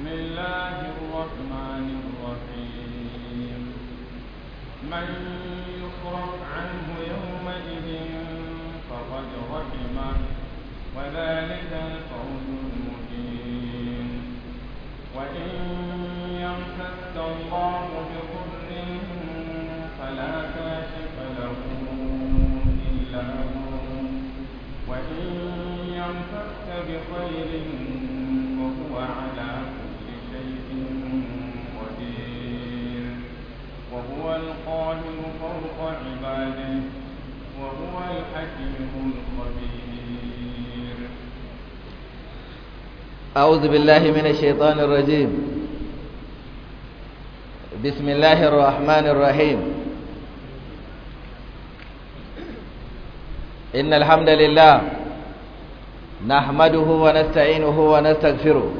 بسم الله الرحمن الرحيم من يصرف عنه يومئذ فقد رحمه وذلك الفوز المبين وإن يمسك الله بضر فلا كاشف له إلا هو وإن يمسك بخير وهو على قدير وهو القاهر فوق عباده وهو الحكيم الخبير أعوذ بالله من الشيطان الرجيم بسم الله الرحمن الرحيم إن الحمد لله نحمده ونستعينه ونستغفره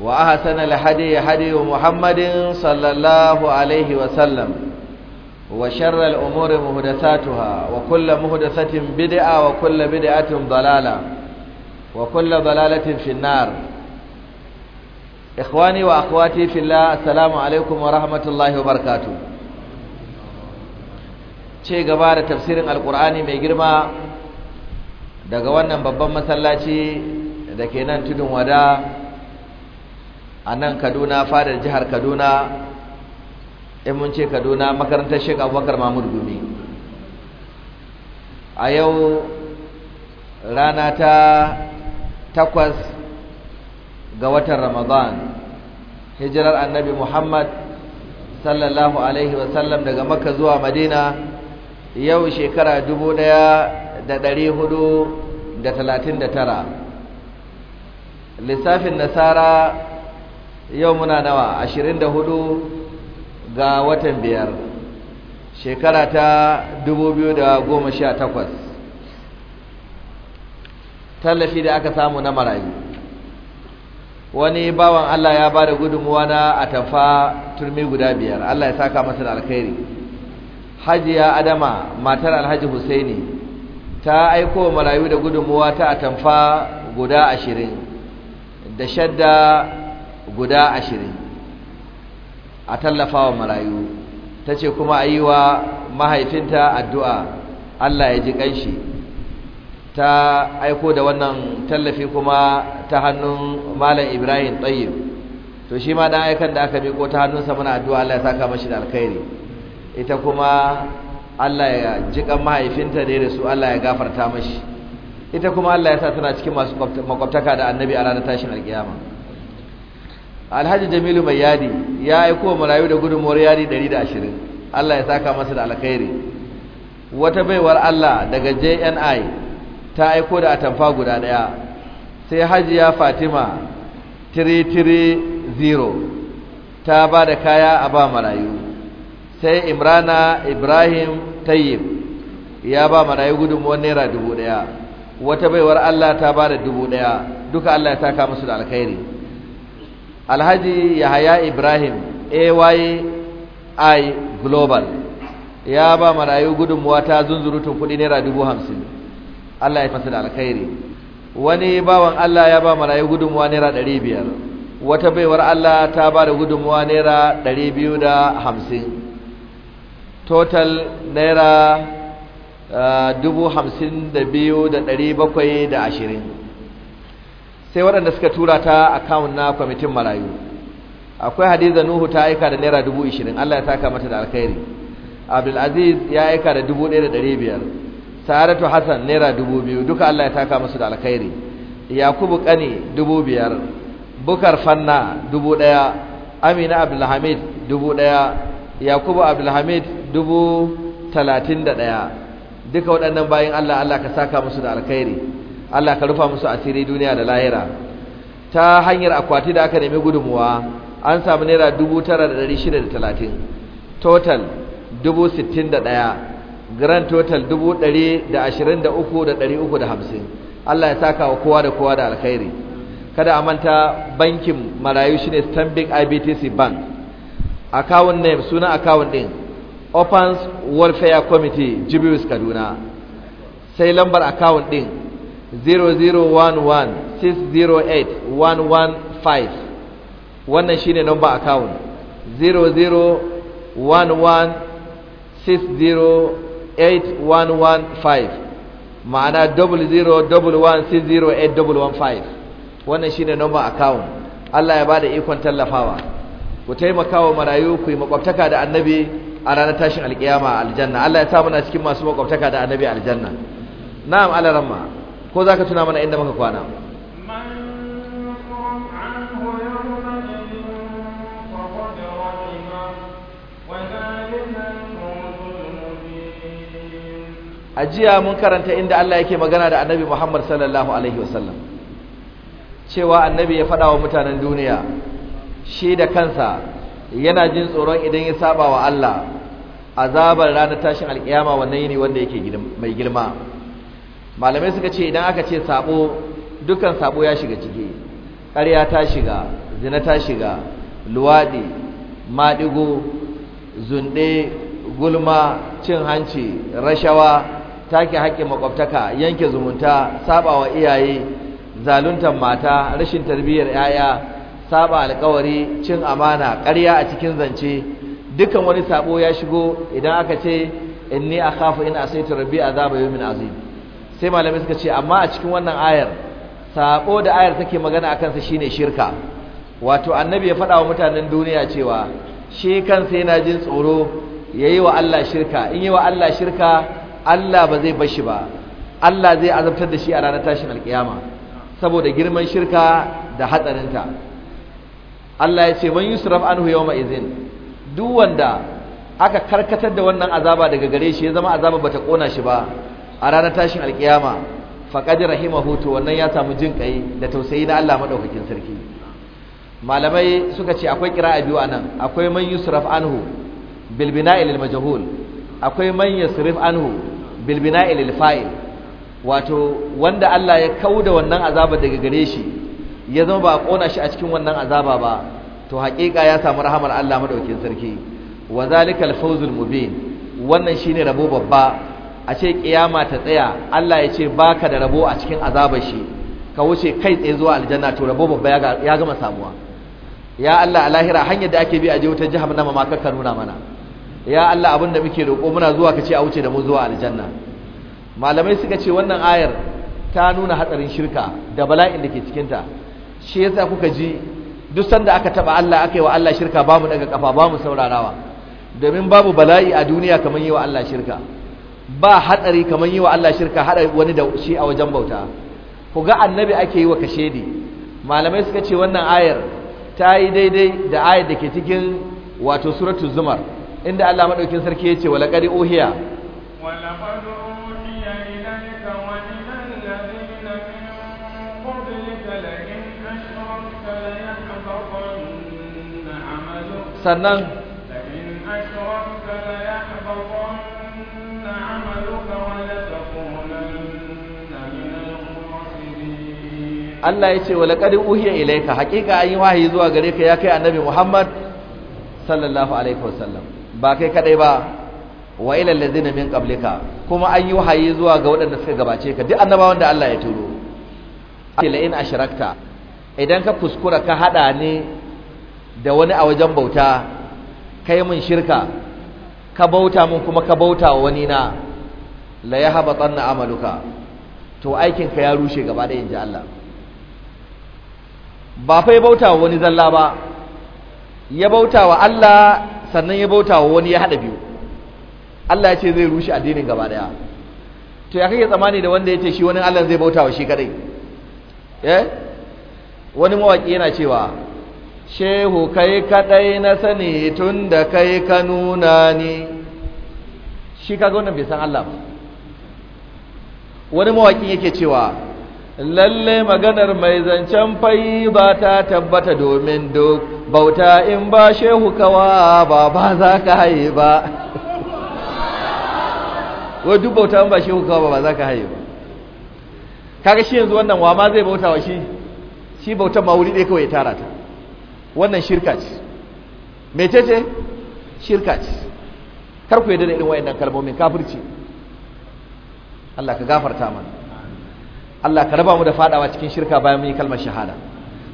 وأحسن الهدي هدي محمد صلى الله عليه وسلم وشر الأمور مهدساتها وكل مهدسة بدعة وكل بدعة ضلالة وكل ضلالة في النار إخواني وأخواتي في الله السلام عليكم ورحمة الله وبركاته ce gaba da tafsirin alkur'ani mai girma daga wannan babban masallaci da ke nan tudun wada a nan kaduna fadar jihar kaduna in mun ce kaduna makarantar shek abubakar mahmud gumi a yau rana ta takwas ga watan ramadan hijirar annabi muhammad sallallahu alaihi wasallam daga makka zuwa madina yau shekara dubu ɗaya da ɗari hudu da talatin da tara lissafin nasara yau muna nawa ashirin da hudu ga watan biyar shekara ta goma sha takwas, tallafi da aka samu na marayu wani bawan Allah ya ba da gudunmuwa na atamfa turmi guda biyar Allah ya saka masa da alkhairi hajiya adama matar alhaji husaini ta aiko marayu da gudunmuwa ta a atamfa guda ashirin da shadda guda ashirin a tallafa wa marayu ta ce kuma a yi wa mahaifinta addu'a Allah ya ji ƙanshi ta aiko da wannan tallafi kuma ta hannun malam ibrahim tsayyib to shi ma ɗan aikan da aka miko ta hannunsa muna addu'a Allah ya saka mashi da alkhairi ita kuma Allah ya ji ƙan mahaifinta da ya Allah ya gafarta mashi ita kuma Allah ya sa tana cikin masu makwabtaka da annabi a ranar tashin alkiyama alhaji jamilu mai yadi ya aiko wa marayu da gudunmuwar yadi 120 Allah ya saka masa da alkhairi wata baiwar Allah daga JNI ta aiko da atamfa guda daya sai hajiya Fatima 330 ta ba da kaya a ba marayu sai Imrana Ibrahim Tayyib ya ba marayu gudunmuwar naira 1000 wata baiwar Allah ta ba da 1000 duka Allah ya saka masu da alkhairi alhaji yahaya ibrahim ayi global ya ba marayu gudunmuwa ta zunzurutun kudi naira dubu hamsin allah ya fasa da alkhairi wani bawan allah ya ba marayu gudunmuwa naira ɗari biyar wata baiwar allah ta ba da gudunmuwa naira ɗari biyu da hamsin total naira uh, dubu hamsin da biyu da ɗari bakwai da ashirin sai waɗanda suka tura ta kawun na kwamitin marayu akwai hadiza nuhu ta aika da naira dubu ishirin allah ya taka mata da alkhairi abdulaziz ya aika da dubu ɗaya da ɗari biyar saratu hassan naira dubu biyu duka allah ya taka masu da alkhairi yakubu kani dubu biyar bukar fanna dubu ɗaya amina abdulhamid dubu ɗaya yakubu abdulhamid dubu talatin da ɗaya duka waɗannan bayan allah allah ka saka musu da alkhairi Allah ka rufa musu asiri duniya da lahira ta hanyar akwati da aka nemi gudunmuwa an samu naira 9630 total 61 grand total 123350 Allah ya saka wa kowa da kowa da alkhairi kada a manta bankin marayu shine Stanbic IBTC Bank account name na account din Opens Welfare Committee jibiris Kaduna sai lambar account din 0011608115 wannan shine number account 0011 ma'ana 00116081115 wannan shine number account Allah ya bada ikon tallafawa ku taimaka wa marayu ku yi makwabtaka da annabi a ranar tashin alkiyama aljanna Allah ya sa muna cikin masu makwabtaka da annabi aljanna na'am alaramma ko za ka tuna mana inda muka kwana a jiya mun karanta inda Allah yake magana da annabi Muhammad sallallahu alaihi wasallam cewa annabi ya faɗa wa mutanen duniya shi da kansa yana jin tsoron idan ya saba wa Allah azabar ranar tashin alkiyama wannan yini wanda yake mai girma malamai suka ce idan aka ce sabo dukan sabo ya shiga cike ƙarya ta shiga zina ta shiga luwaɗi maɗigo zunɗe gulma cin hanci rashawa take haƙƙin makwabtaka yanke zumunta wa iyaye zaluntar mata rashin tarbiyyar 'ya'ya saba alkawari cin amana ƙarya a cikin zance dukan wani sabo ya shigo idan aka ce inni akhafu in asaitu rabbi azaba yawmin azim sai malamai suka ce amma a cikin wannan ayar sabo da ayar take magana akan sa shine shirka wato annabi ya faɗa wa mutanen duniya cewa shi kansa yana jin tsoro yayi wa Allah shirka in yi wa Allah shirka Allah ba zai shi ba Allah zai azabtar da shi a ranar tashin alkiyama saboda girman shirka da hatsarinta Allah ya ce man yusraf anhu yawma izin duk wanda aka karkatar da wannan azaba daga gare shi ya zama azaba bata kona shi ba a ranar tashin alkiyama faƙadi rahima hutu wannan ya samu jin ƙai da tausayi na Allah maɗaukakin sarki malamai suka ce akwai a biyu a nan, akwai man yusraf anhu bilbina bina'i akwai man yasrif anhu bilbina ilil fa'il wato wanda Allah ya da wannan azaba daga gare shi ya zama ba a ƙona shi a cikin wannan azaba ba to haƙiƙa ya samu rahamar Allah maɗaukin sarki wa zalikal mubin wannan shine rabo babba a ce kiyama ta tsaya Allah ya ce baka da rabo a cikin azabar shi ka wuce kai tsaye zuwa aljanna to rabo babba ya gama samuwa ya Allah a lahira hanyar da ake bi a je wutar jahannama ma kakka nuna mana ya Allah abin da muke roƙo muna zuwa ka ce a wuce da mu zuwa aljanna malamai suka ce wannan ayar ta nuna hatsarin shirka da bala'in da ke cikinta shi yasa kuka ji duk sanda aka taba Allah aka yi wa Allah shirka bamu daga kafa bamu saurarawa domin babu bala'i a duniya kamar yi wa Allah shirka ba hatsari kamar yi wa Allah shirka haɗa wani da shi a wajen bauta ku ga annabi ake yi wa ne malamai suka ce wannan ayar ta yi daidai da ayar da ke cikin wato suratu zumar inda Allah maɗaukin sarki ya ce walaƙari ohiya sannan Allah ya ce wa laqad uhiya ilaika haƙiƙa an yi wahayi zuwa gare ka ya kai annabi Muhammad sallallahu alaihi wasallam ba kai kadai ba wa ila allazina min qablika kuma an yi wahayi zuwa ga waɗanda suka gabace ka duk annabawan da Allah ya turo ila in ashrakta idan ka kuskura ka haɗa ne da wani a wajen bauta kai mun shirka ka bauta mun kuma ka bauta wa wani na la yahbatanna amaluka to aikin ka ya rushe gaba da inji Allah ba fa ya bauta wa wani zalla ba ya bauta wa Allah sannan ya bauta wa wani ya haɗa biyu Allah ya ce zai rushe addinin gaba daya to ya kake tsammani da wanda ya ce shi wani Allah zai bauta wa shi kadai eh wani mawaki yana cewa shehu kai kadai na sani tun da kai ka nuna ni shi kaga wannan bai san Allah ba wani mawaki yake cewa lalle maganar mai zancen fai ba ta tabbata domin duk bauta in ba shehu kawa ba ba za ka haye ba wai duk bauta in ba shehu kawa ba ba za ka haye ba kaga shi yanzu wannan wa ma zai bauta wa shi shi ma wuri ɗaya kawai ya tara ta wannan shirka ce mecece shirka ce kar ku yadda da irin wayannan kalmomin kafirci Allah ka gafarta mana Allah ka raba mu da fadawa cikin shirka bayan mun yi kalmar shahada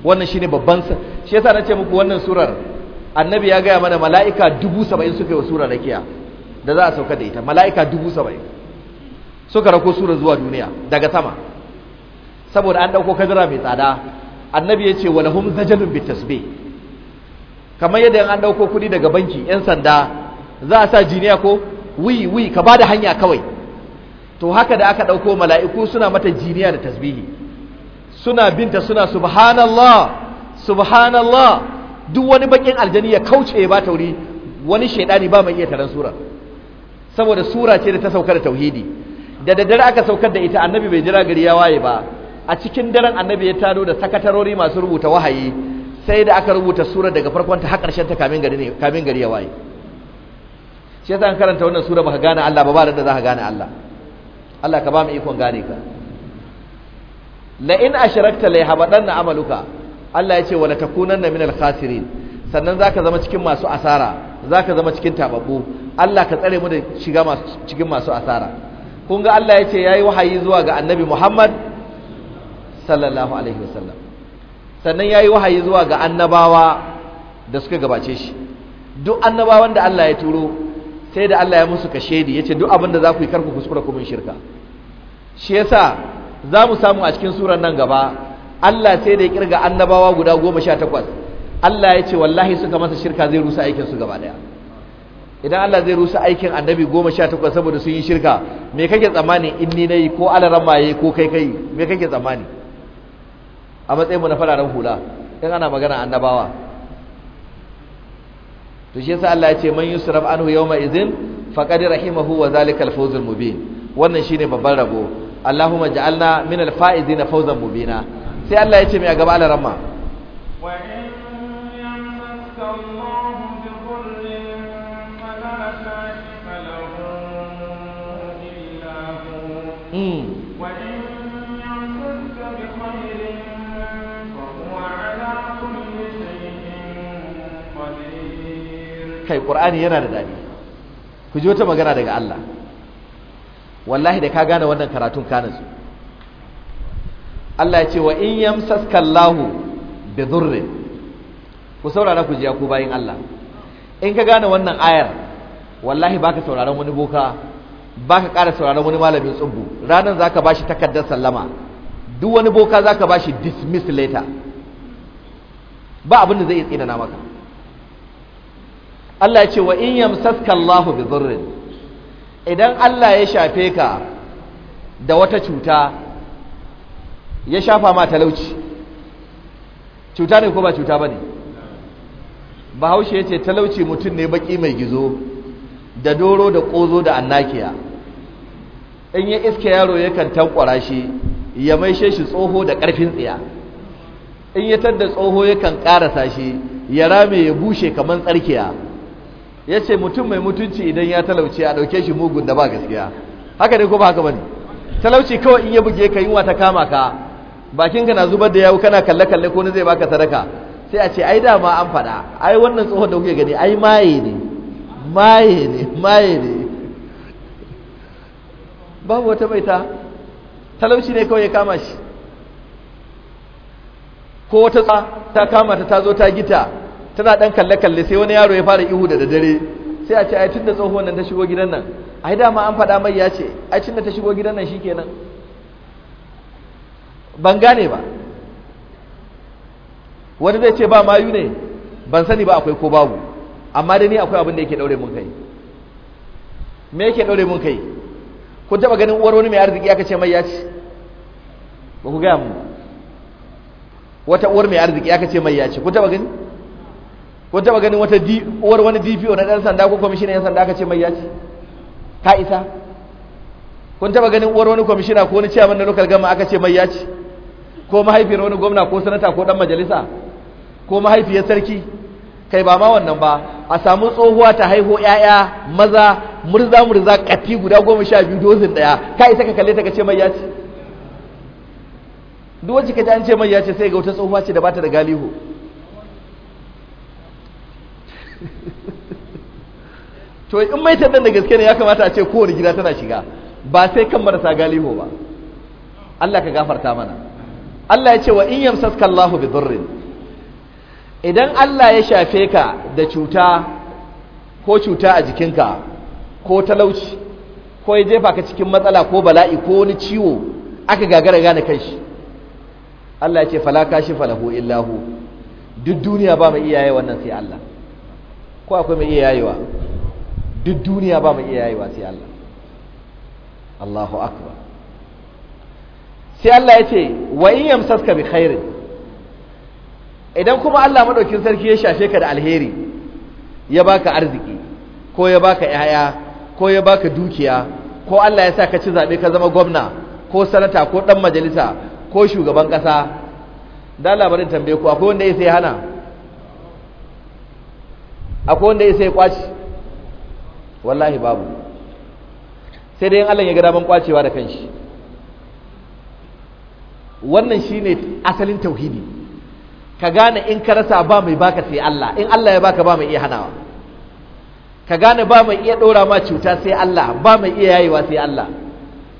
wannan shine babban sa shi yasa nace muku wannan surar annabi ya gaya mana mala'ika dubu saba'in suka yi wa sura rakiya da za a sauka da ita mala'ika dubu saba'in suka rako surar zuwa duniya daga sama saboda an ɗauko kadara mai tsada annabi ya ce wani hum zajalun bi tasbih kamar yadda an ɗauko kuɗi daga banki ‘yan sanda za a sa jiniya ko wi wi ka bada hanya kawai to haka da aka ɗauko mala'iku suna mata jiniya da tasbihi suna binta suna subhanallah subhanallah duk wani bakin aljani ya kauce ya ba tauri wani shaidani ba mai iya taron sura saboda sura ce da ta sauka da tauhidi da daddare aka saukar da ita annabi bai jira gari ya waye ba a cikin daren annabi ya taro da sakatarori masu rubuta wahayi sai da aka rubuta sura daga farkon ta har ta kamin gari ne kamin gari ya waye shi yasa karanta wannan sura baka gane Allah ba ba da za ka gane Allah Allah ka ba mu ikon gane ka la in ashrakta la yahbadanna amaluka Allah ya ce wala takunanna minal khasirin sannan zaka zama cikin masu asara zaka zama cikin tababbu Allah ka tsare mu da shiga masu cikin masu asara kun ga Allah ya ce yayi wahayi zuwa ga Annabi Muhammad sallallahu alaihi wasallam sannan yayi wahayi zuwa ga annabawa da suka gabace shi duk annabawan da Allah ya turo sai da Allah ya musu ka ya yace duk abin da za ku yi karku kuskura kuma shirka shi yasa za mu samu a cikin surar nan gaba Allah sai da ya kirga annabawa guda goma sha takwas Allah ya ce wallahi suka masa shirka zai rusa aikin su gaba daya idan Allah zai rusa aikin annabi goma sha takwas saboda sun yi shirka me kake tsammani in ni nayi ko alaran maye ko kai kai me kake tsammani a matsayin mu na fararen hula in ana magana annabawa to shi yasa Allah ya ce man yusraf anhu yawma idhin faqad rahimahu wa zalikal fawzul mubin wannan shine babban rabo Allahumma ja'alna min al-faizina fawzan mubina sai Allah ya ce mai a gaba alaramma wa in kai qur'ani yana da daɗi ku ji wata magana daga Allah wallahi da ka gane wannan karatun ka Allah ya ce wa in yamsaska Allahu bi dhurrin ku saurara ku ji ku bayin Allah in ka gane wannan ayar wallahi baka sauraron wani boka baka ƙara sauraron wani malamin tsubbu ranan zaka bashi takardar sallama duk wani boka zaka bashi dismiss later ba abin da zai iya tsinana maka Allah ya ce wa in yamsaska Allahu bi dhurrin idan Allah ya shafe ka da wata cuta ya shafa ma talauci cuta ne ko ba cuta bane bahaushe yace talauci mutum ne baki mai gizo da doro da kozo da annakiya in ya iske yaro yakan tankwara shi ya maishe shi tsoho da karfin tsiya in ya tadda tsoho ya kan karasa shi ya rame ya bushe kaman tsarkiya ya ce mutum mai mutunci idan ya talauci a ɗauke shi mugun da ba gaskiya haka ne ko ba haka ba ne talauci kawai in ya buge ka yunwa ta kama ka bakinka na zubar da yawu kana kalle-kalle ko ne zai baka sadaka sai a ce ai dama an faɗa ai wannan tsohon da kuke gani ai maye ne maye ne maye ne babu wata baita talauci ne kawai ya kama shi ko wata ta kama ta ta zo ta gita tana dan kalle kalle sai wani yaro ya fara ihu da dare sai a ce ai tunda tsohuwar nan ta shigo gidan nan ai dama an faɗa mai ya ce ai tunda ta shigo gidan nan shikenan ban gane ba wani zai ce ba mayu ne ban sani ba akwai ko babu amma dai ni akwai abin da yake daure mun kai me yake daure mun kai kun taba ganin uwar wani mai arziki aka ce mai ya ci ba ku gaya mu wata uwar mai arziki aka ce mai ya ci kun taba gani wata ba ganin wata uwar wani DPO na ɗan sanda ko kwamishina yan sanda aka ce mai yaci ta isa kun taba ganin uwar wani kwamishina ko wani ciyaman na local gama aka ce mai yaci ko mahaifiyar wani gwamna ko sanata ko dan majalisa ko mahaifiyar sarki kai ba ma wannan ba a samu tsohuwa ta haihu yaya maza murza murza kati guda goma sha biyu dozin ɗaya ka isa ka kalle ta ka ce mai yaci duk wacce ka ji an ce mai yaci sai ga wata tsohuwa ce da bata da galihu to in mai tabbatar da gaske ne ya kamata a ce kowane gida tana shiga ba sai kan marasa galiho ba Allah ka gafarta mana Allah ya ce wa in yamsaska Allahu bi durrin idan Allah ya shafe ka da cuta ko cuta a jikinka ko talauci ko ya jefa ka cikin matsala ko bala'i ko wani ciwo aka gagara gane kanshi Allah ya ce fala kashi falahu illahu duk duniya ba mai iyaye wannan sai Allah ko akwai mai iya duk duniya ba mai iya sai Allah Allahu akbar sai Allah ya ce wa in yamsaka bi khairin idan kuma Allah madaukin sarki ya shafe ka da alheri ya baka arziki ko ya baka yaya ko ya baka dukiya ko Allah ya sa ka ci zabe ka zama gwamna ko sanata ko dan majalisa ko shugaban kasa da labarin tambaye ku akwai wanda ya sai hana akwai wanda ya sai kwaci wallahi babu sai dai yin Allah ya ga daman kwacewa da kanshi wannan shine asalin tauhidi ka gane in ka rasa ba mai baka sai Allah in Allah ya baka ba mai iya hanawa ka gane ba mai iya ɗora ma cuta sai Allah ba mai iya yayewa sai Allah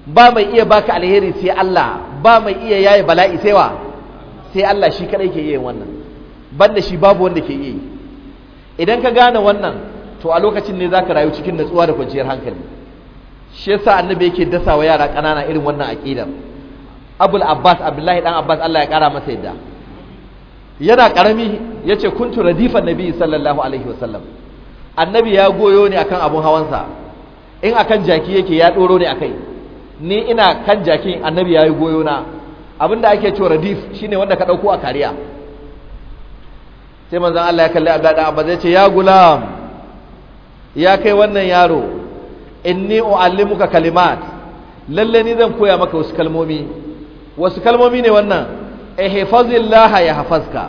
ba mai iya baka alheri sai Allah ba mai iya yaye bala'i sai wa sai Allah shi kadai ke yin wannan banda shi babu wanda ke yi idan ka gane wannan to a lokacin ne za ka rayu cikin natsuwa da kwanciyar hankali shi yasa annabi yake dasa wa yara ƙanana irin wannan aqidar abul abbas abdullahi dan abbas Allah ya kara masa yadda yana karami yace kuntu radifan nabi sallallahu alaihi wasallam annabi ya goyo ne akan abun hawansa in akan jaki yake ya doro ne akai ni ina kan jakin annabi ya yi goyo na abinda ake cewa radif shine wanda ka ɗauko a kariya sai manzan Allah ya kalli abdullahi abba zai ce ya gulam ya kai wannan yaro inni u'allimuka kalimat lalle ni zan koya maka wasu kalmomi wasu kalmomi ne wannan ihfazillaha yahfazka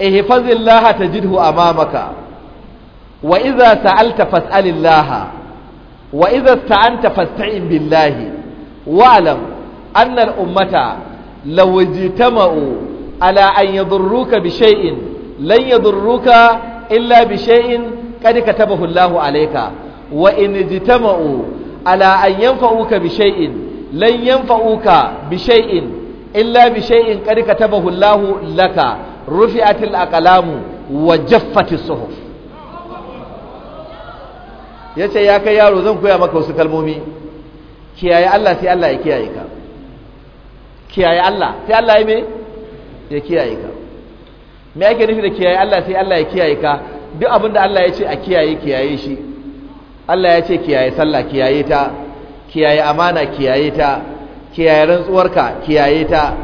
ihfazillaha tajidhu amamaka wa idza sa'alta fas'alillaha wa idza ista'anta fasta'in billahi wa'lam anna al-ummata law ijtama'u ala an yadurruka bi shay'in lan yadurruka illa bi shay'in qad katabahu Allahu alayka wa in jitama'u ala an yanfa'uka bi shay'in lan yanfa'uka bi shay'in illa bi shay'in qad katabahu Allahu laka rufi'atil aqlamu wa jaffatis suhuf yace ya kai yaro zan koya maka wasu kalmomi kiyaye Allah sai Allah ya kiyaye ka kiyaye Allah sai Allah ya me ya kiyaye ka me ake nufi da kiyaye Allah sai Allah ya kiyaye ka duk abin da Allah ya ce a kiyaye kiyaye shi Allah ya ce kiyaye sallah kiyaye ta kiyaye amana kiyaye ta kiyaye rantsuwarka kiyaye ta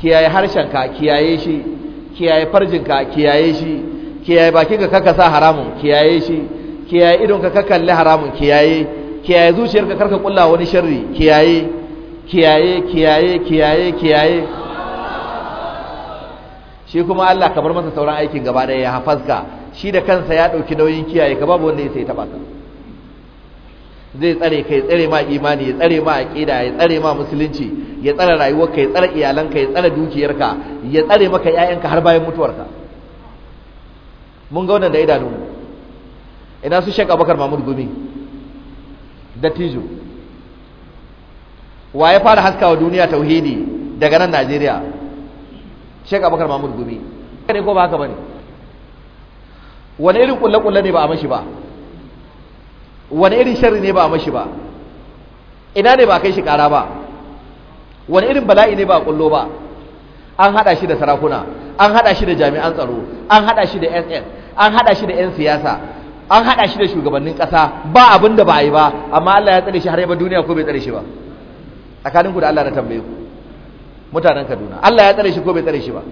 kiyaye harshenka kiyaye shi kiyaye farjinka kiyaye shi kiyaye bakinka kaka sa haramun kiyaye shi kiyaye idonka ka kalli haramun kiyaye kiyaye zuciyarka karka kulla wani sharri kiyaye kiyaye kiyaye kiyaye kiyaye shi kuma Allah ka masa sauran aikin gaba ɗaya ya hafaska shi da kansa ya ɗauki nauyin kiyaye ka babu wanda ya sai taɓa ka zai tsare ka ya tsare ma imani ya tsare ma aqida ya tsare ma musulunci ya tsare ka ya tsare iyalanka ya tsare dukiyarka ya tsare maka ƴaƴanka har bayan mutuwarka mun ga wannan da idanu ina su Sheikh Abubakar Mahmud Gumi dattijo wa ya fara haskawa duniya tauhidi daga nan Najeriya Sheikh Abubakar Mahmud Gumi ne ko ba haka bane wani irin kulle kulle ne ba a mashi ba wani irin sharri ne ba a mashi ba ina ne ba a kai shi kara ba wani irin bala'i ne ba a kullo ba an hada shi da sarakuna an hada shi da jami'an tsaro an hada shi da SS an hada shi da 'yan siyasa an hada shi da shugabannin kasa ba abin da ba a yi ba amma Allah ya tsare shi har yaba duniya ko bai tsare shi ba tsakaninku da Allah na tambaye ku mutanen Kaduna Allah ya tsare shi ko bai tsare shi ba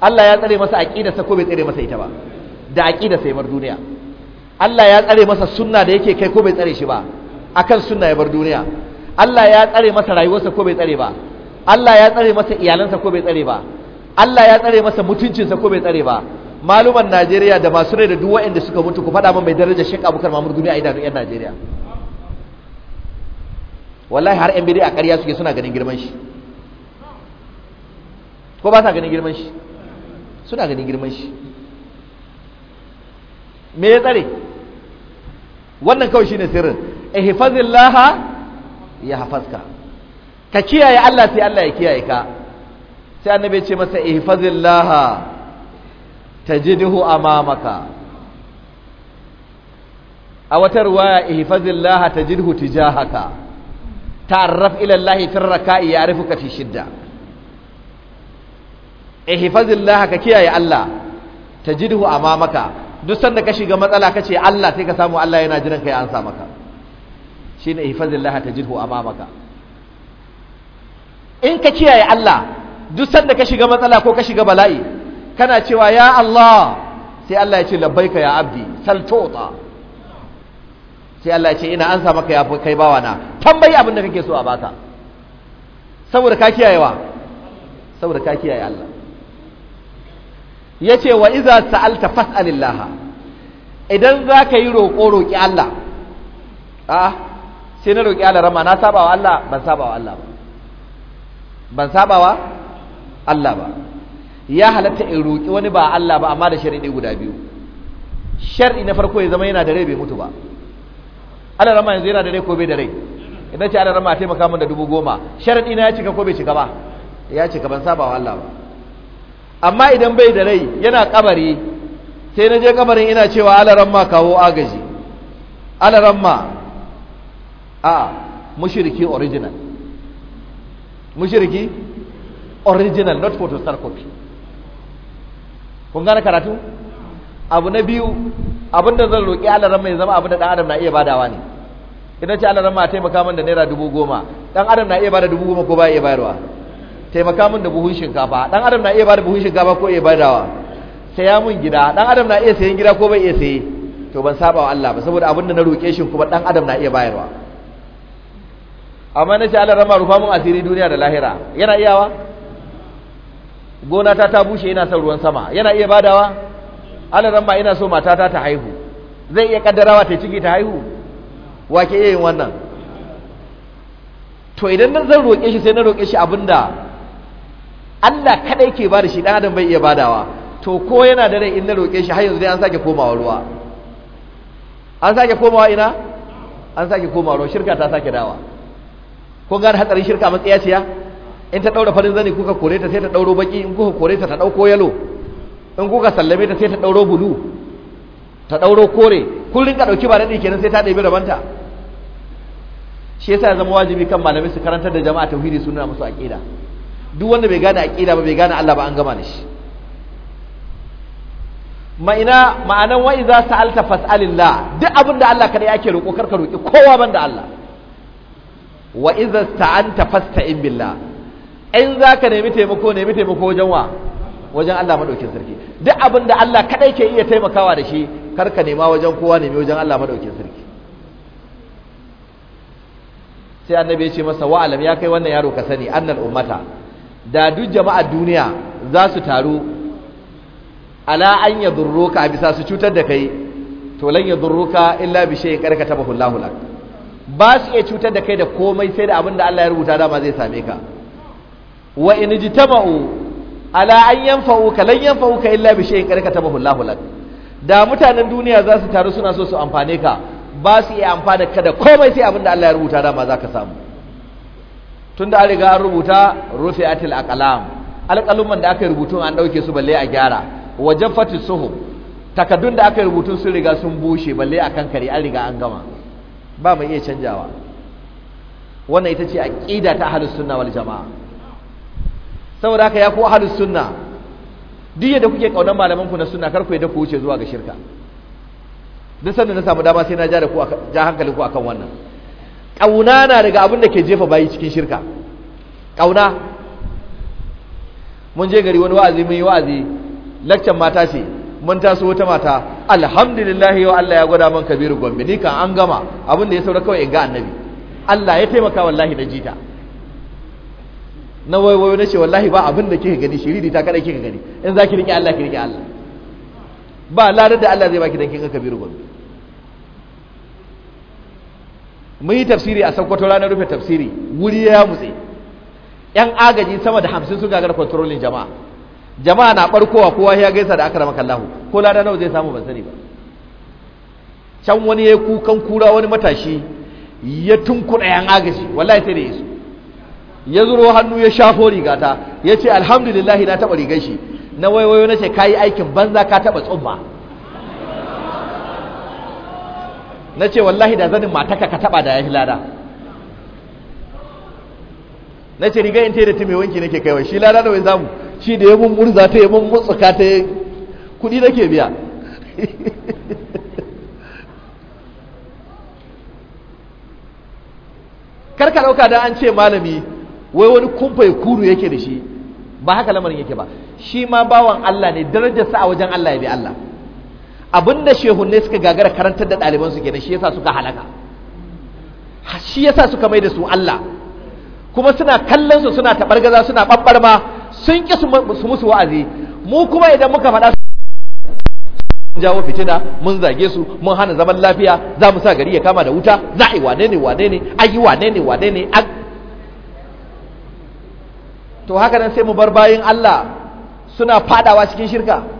Allah ya tsare masa sa ko bai tsare masa ita ba da aqida sai bar duniya Allah ya tsare masa sunna da yake kai ko bai tsare shi ba akan sunna ya bar duniya Allah ya tsare masa rayuwarsa ko bai tsare ba Allah ya tsare masa iyalansa ko bai tsare ba Allah ya tsare masa mutuncinsa ko bai tsare ba maluman Najeriya da masu rai da duk wanda suka mutu ku faɗa min mai darajar Sheikh Abubakar Mahmud duniya a idanun 'yan Najeriya wallahi har 'yan a ƙarya suke suna ganin girman shi ko ba sa ganin girman shi suna ganin girman shi me ya tsare wannan kawai shi ne sirrin ihfazillah ya hafazka ka kiyaye Allah sai Allah ya kiyaye ka sai annabi ya ce masa ihfazillah tajidhu amamaka a wata ruwaya ihfazillah tajidhu tijahaka ta'arraf ila Allah tarraka ya'rifuka fi shidda. ihfazillaha ka kiyaye Allah tajidhu amamaka duk sanda ka shiga matsala kace Allah sai ka samu Allah yana jiran kai an sa maka shine ihfazillaha tajidhu amamaka in ka kiyaye Allah duk sanda ka shiga matsala ko ka shiga bala'i kana cewa ya Allah sai Allah ya ce labbaika ya abdi saltota sai Allah ya ce ina ansa maka ya kai bawana tambayi abin da kake so a baka saboda ka kiyaye wa saboda ka kiyaye Allah ya ce wa iza sa'alta fas'alillaha idan za ka yi roƙo roƙi Allah a sai na roƙi Allah rama na saba wa Allah ban saba wa Allah ba ban saba wa Allah ba ya halatta in roƙi wani ba Allah ba amma da shari'i guda biyu shari'i na farko ya zama yana da rai bai mutu ba Allah rama yanzu yana da rai ko bai da rai idan ce Allah rama a taimaka min da dubu goma shari'i na ya cika ko bai cika ba ya cika ban saba wa Allah ba amma idan bai da rai yana kabari sai na je kabarin ina cewa alaramma kawo agaji alaramma a mushiriki original mushiriki original not photocopy kun gane karatu abu na biyu abinda zan roƙi alaramma ya zama abinda ɗan adam na iya badawa ne idan ce alaramma taimaka min da naira dubu goma ɗan adam na iya bada dubu goma ko ba iya bayarwa taimaka min da buhun shinkafa dan adam na iya bada buhun shinkafa ko iya badawa saya mun gida dan adam na iya sayan gida ko bai iya saye to ban saba wa Allah ba saboda abin da na roke shi kuma dan adam na iya bayarwa amma nace Allah rama rufa mun asiri duniya da lahira yana iyawa gona ta ta bushe ina son ruwan sama yana iya badawa Allah rama ina so matata ta haihu zai iya kaddarawa ta ciki ta haihu wake iya yin wannan to idan zan roke shi sai na roke shi abinda Allah kadai ke bada shi dan adam bai iya badawa to ko yana da rai in na roke shi har yanzu dai an sake komawa ruwa an sake komawa ina an sake komawa ruwa shirka ta sake dawa ko gane hatsarin shirka a matsayi ya in ta daura farin zani kuka kore ta sai ta dauro baki in kuka kore ta ta dauko yalo in kuka sallame ta sai ta dauro bulu ta dauro kore kullun ka dauki ba dadi kenan sai ta ɗebi rabanta shi yasa ya zama wajibi kan malamai su karantar da jama'a tauhidi sunna musu aqida duk wanda bai gane aƙida ba bai gane Allah ba an gama da shi ma'ana ma'anan wa idza sa'alta fas'alillah duk abin da Allah kada yake roƙo karka roƙi kowa banda Allah wa idza sta'anta fasta'in billah in zaka nemi taimako nemi taimako wajen wa wajen Allah madaukin sarki duk abin da Allah kada yake iya taimakawa da shi karka nema wajen kowa nemi wajen Allah madaukin sarki sai annabi ya ce masa wa'alam ya kai wannan yaro ka sani annal ummata da duk jama'ar duniya za su taru ala an ya ka bisa su cutar da kai to lan ka illa bi shay'in karka tabahu Allahu lak ba su iya cutar da kai da komai sai da abin da Allah ya rubuta dama zai same ka wa in jitama'u ala an ka lan ka illa bi shay'in karka tabahu Allahu lak da mutanen duniya za su taru suna so su amfane ka ba su iya amfana ka da komai sai abin da Allah ya rubuta dama za ka samu tunda an riga an rubuta rufi'atil aqlam alƙaluman da aka rubutu an dauke su balle a gyara Fati suhu, takaddun da aka rubutu sun riga sun bushe balle akan kare an riga an gama ba mai iya canjawa wannan ita ce aqida ta ahlus sunna wal jamaa saboda haka ya ku ahlus sunna duk yadda kuke kaunar malaman ku na sunna kar ku yadda ku wuce zuwa ga shirka duk sannan na samu dama sai na ja da ku ja akan wannan ƙauna na daga abinda da ke jefa bayi cikin shirka ƙauna mun je gari wani wa'azi mun yi wa'azi lakcan mata ce mun taso wata mata alhamdulillah yau Allah ya gwada man kabiru gombe ni kan an gama abinda da ya saura kawai in ga annabi Allah ya taimaka wallahi na jita na waiwai na ce wallahi ba abin da kika gani shiriri ta kada kika gani in za ki riƙe Allah ki riƙe Allah ba ladar da Allah zai baki dan kin kabiru gombe mun yi tafsiri a saukwato ranar rufe tafsiri wuri ya mutse yan agaji sama da hamsin sun gagara kwantarolin jama'a jama'a na barkowa kowa ya gaisa da rama kallahu ko lada nawa zai samu ban sani ba can wani ya kukan kura wani matashi ya tunkuɗa yan agaji wallahi sai da yesu ya zuro hannu ya shafo rigata ya ce alhamdulillahi na taɓa rigar shi na waiwayo na ce ka yi aikin banza ka taɓa tsumma na ce wallahi da zanin mataka ka taba da ya fi lada na ce riga in taida ta wanki nake kaiwa shi lada da wai zamu shi da ya mun murza ta ya mun mutsuka ta kudi nake biya karka dauka da an ce malami wai wani kumfai kuru yake da shi ba haka lamarin yake ba shi ma bawan Allah ne darajarsa a wajen Allah ya bi Allah abinda shehunne suka gagara karantar da ɗaliban su kenan shi yasa suka halaka shi yasa suka mai da su Allah kuma suna kallon su suna tabargaza suna babbarma sun ki su musu wa'azi mu kuma idan muka faɗa su jawo fitina mun zage su mun hana zaman lafiya za mu sa gari ya kama da wuta za a yi wane ne wane ne a yi wane ne wane ne a to haka nan sai mu bar bayan Allah suna fadawa cikin shirka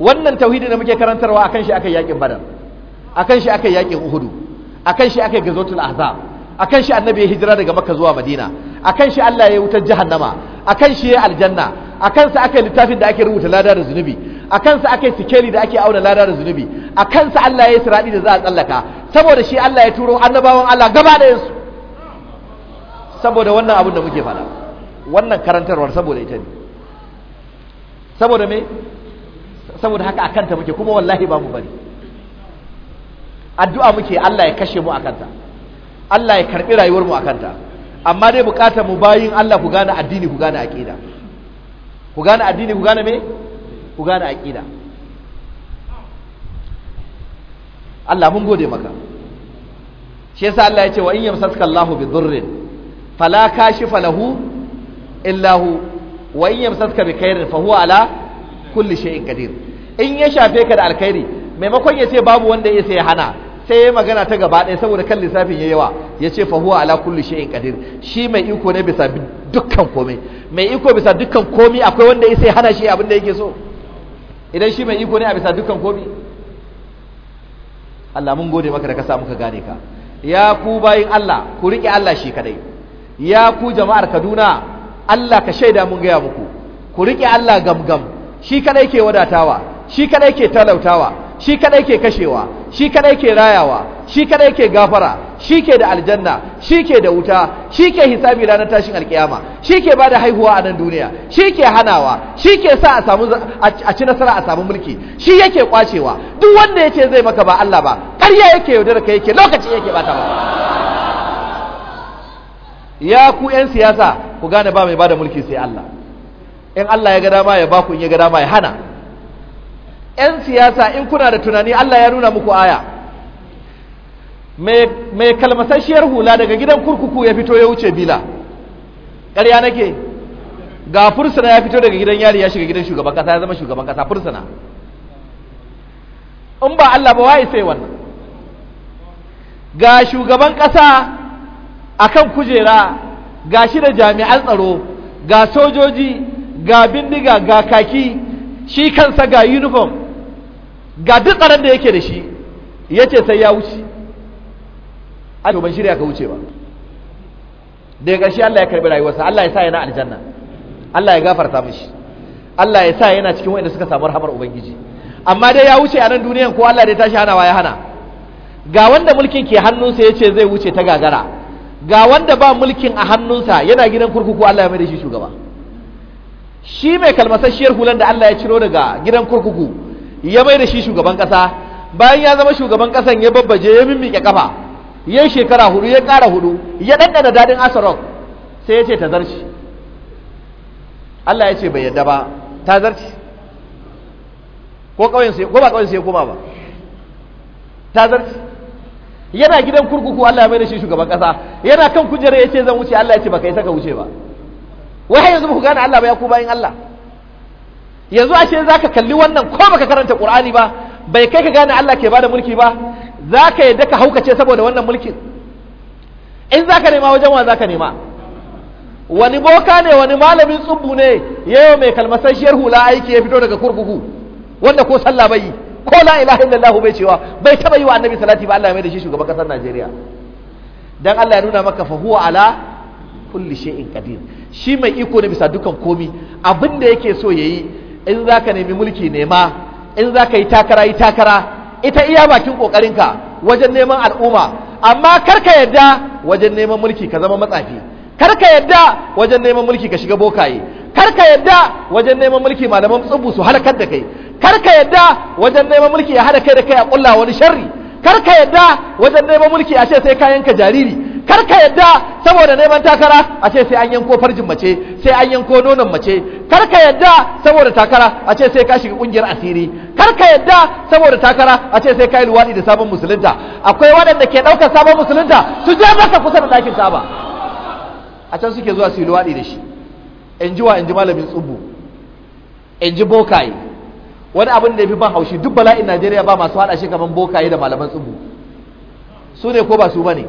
wannan tauhidi da muke karantarwa akan shi akai yakin badar akan shi akai yakin uhudu akan shi akai gazotul ahzab akan shi annabi ya hijira daga makka zuwa madina akan shi Allah ya wutar jahannama akan shi ya aljanna akan sa akai littafin da ake rubuta lada da zunubi akan sa akai sikeli da ake auna lada da zunubi akan sa Allah ya yi siradi da za a tsallaka saboda shi Allah ya turo annabawan Allah gaba da yansu saboda wannan abun da muke fada wannan karantarwar saboda ita ne saboda me saboda haka akanta muke kuma wallahi ba mu bari addu'a muke Allah ya kashe mu akanta. Allah ya karbi rayuwar mu akan amma dai bukatar mu bayin Allah ku gane addini ku gane aqida ku gane addini ku gane me ku gane aqida Allah mun gode maka shi yasa Allah ya ce wa in yamsaka Allahu bi dhurrin fala kashifa lahu illa hu wa in yamsaka bi khairin fa huwa ala kulli shay'in qadir in ya shafe ka da alkhairi maimakon ya ce babu wanda ya ya hana sai ya magana ta gaba ɗaya saboda kan lissafin ya yawa ya ce fa huwa ala kulli shay'in qadir shi mai iko ne bisa dukkan komai mai iko bisa dukkan komai akwai wanda ya hana shi abin da yake so idan shi mai iko ne a bisa dukkan komai Allah mun gode maka da ka sa muka gane ka ya ku bayin Allah ku rike Allah shi kadai ya ku jama'ar Kaduna Allah ka shaida mun gaya muku ku rike Allah gamgam shi kadai ke wadatawa shi kadai ke talautawa shi kadai ke kashewa shi kadai ke rayawa shi kadai ke gafara shi ke da aljanna shi ke da wuta shi ke hisabi ranar tashin alkiyama shi ke bada haihuwa a nan duniya shi ke hanawa shi ke sa a samu a ci nasara a samu mulki shi yake kwacewa duk wanda yake zai maka ba Allah ba ƙarya yake yaudar ka yake lokaci yake bata ba. ya ku yan siyasa ku gane ba mai bada mulki sai Allah in Allah ya ga dama ya ba ku in ya ga dama ya hana 'yan siyasa in kuna da tunani Allah ya nuna muku aya mai kalmasasshiyar hula daga gidan kurkuku ya fito ya wuce bila ƙarya nake ga fursuna ya fito daga gidan yari ya shiga gidan shugaban kasa ya zama shugaban kasa fursuna in ba Allah ba waye sai wannan ga shugaban kasa kan kujera ga shi da jami'an tsaro ga sojoji ga bindiga ga kaki shi kansa ga uniform ga duk tsaron da yake da shi ya ce sai ya wuce a ban shirya ka wuce ba daga ƙarshe Allah ya karbi rayuwarsa Allah ya sa yana aljanna Allah ya gafarta mishi Allah ya sa yana cikin wanda suka samu rahamar ubangiji amma dai ya wuce a nan duniyan ko Allah dai tashi hanawa ya hana ga wanda mulkin ke hannunsa ya ce zai wuce ta gagara ga wanda ba mulkin a hannunsa yana gidan kurkuku Allah ya mai da shi shugaba shi mai kalmasasshiyar hulan da Allah ya ciro daga gidan kurkuku ya mai da shi shugaban kasa bayan ya zama shugaban kasan ya babbaje ya mimmike kafa ya shekara hudu ya ƙara hudu ya ɗanɗana daɗin asarok sai ya ce ta zarci Allah ya ce bai yadda ba ta zarci ko ba ƙauyen sai ya koma ba ta zarci yana gidan kurkuku Allah ya mai da shi shugaban kasa yana kan kujera ya ce zan wuce Allah ya ce ka yi saka wuce ba wai yanzu ku gane Allah ba ya ku bayin Allah yanzu ashe zaka kalli wannan ko baka karanta Qur'ani ba bai kai ka gane Allah ke bada mulki ba zaka yadda ka haukace saboda wannan mulkin in zaka nema wajen wa zaka nema wani boka ne wani malamin tsubbu ne yayo mai kalmasasshiyar hula aiki ya fito daga kurkuku wanda ko sallah bai yi ko la ilaha illallah bai cewa bai taba yi wa annabi salati ba Allah ya mai da shi shugaban kasar Najeriya dan Allah ya nuna maka fa huwa ala kulli shay'in qadir shi mai iko ne bisa dukan komi abin da yake so yayi in za ka nemi mulki nema in za ka yi takara yi takara ita iya bakin ƙoƙarinka wajen neman al'umma amma karka ka yadda wajen neman mulki ka zama matsafi karka ka yadda wajen neman mulki ka shiga bokaye karka ka yadda wajen neman mulki malaman tsubu su halakar da kai karka ka yadda wajen neman mulki ya hada kai da kai a ƙulla wani sharri karka ka yadda wajen neman mulki a ce sai kayan ka jariri kar ka yadda saboda neman takara a ce sai an yanko farjin mace sai an yanko nonon mace karka ka yadda saboda takara a ce sai ka shiga kungiyar asiri karka ka yadda saboda takara a ce sai ka yi luwaɗi da sabon musulunta akwai waɗanda ke ɗaukar sabon musulunta su je masa kusa da ɗakin saba a can suke zuwa su yi luwaɗi da shi in ji wa in ji malamin tsubu in ji bokaye wani abin da ya fi ban haushi duk bala'in najeriya ba masu hada shi kamar bokaye da malaman tsubu su ne ko ba su ba ne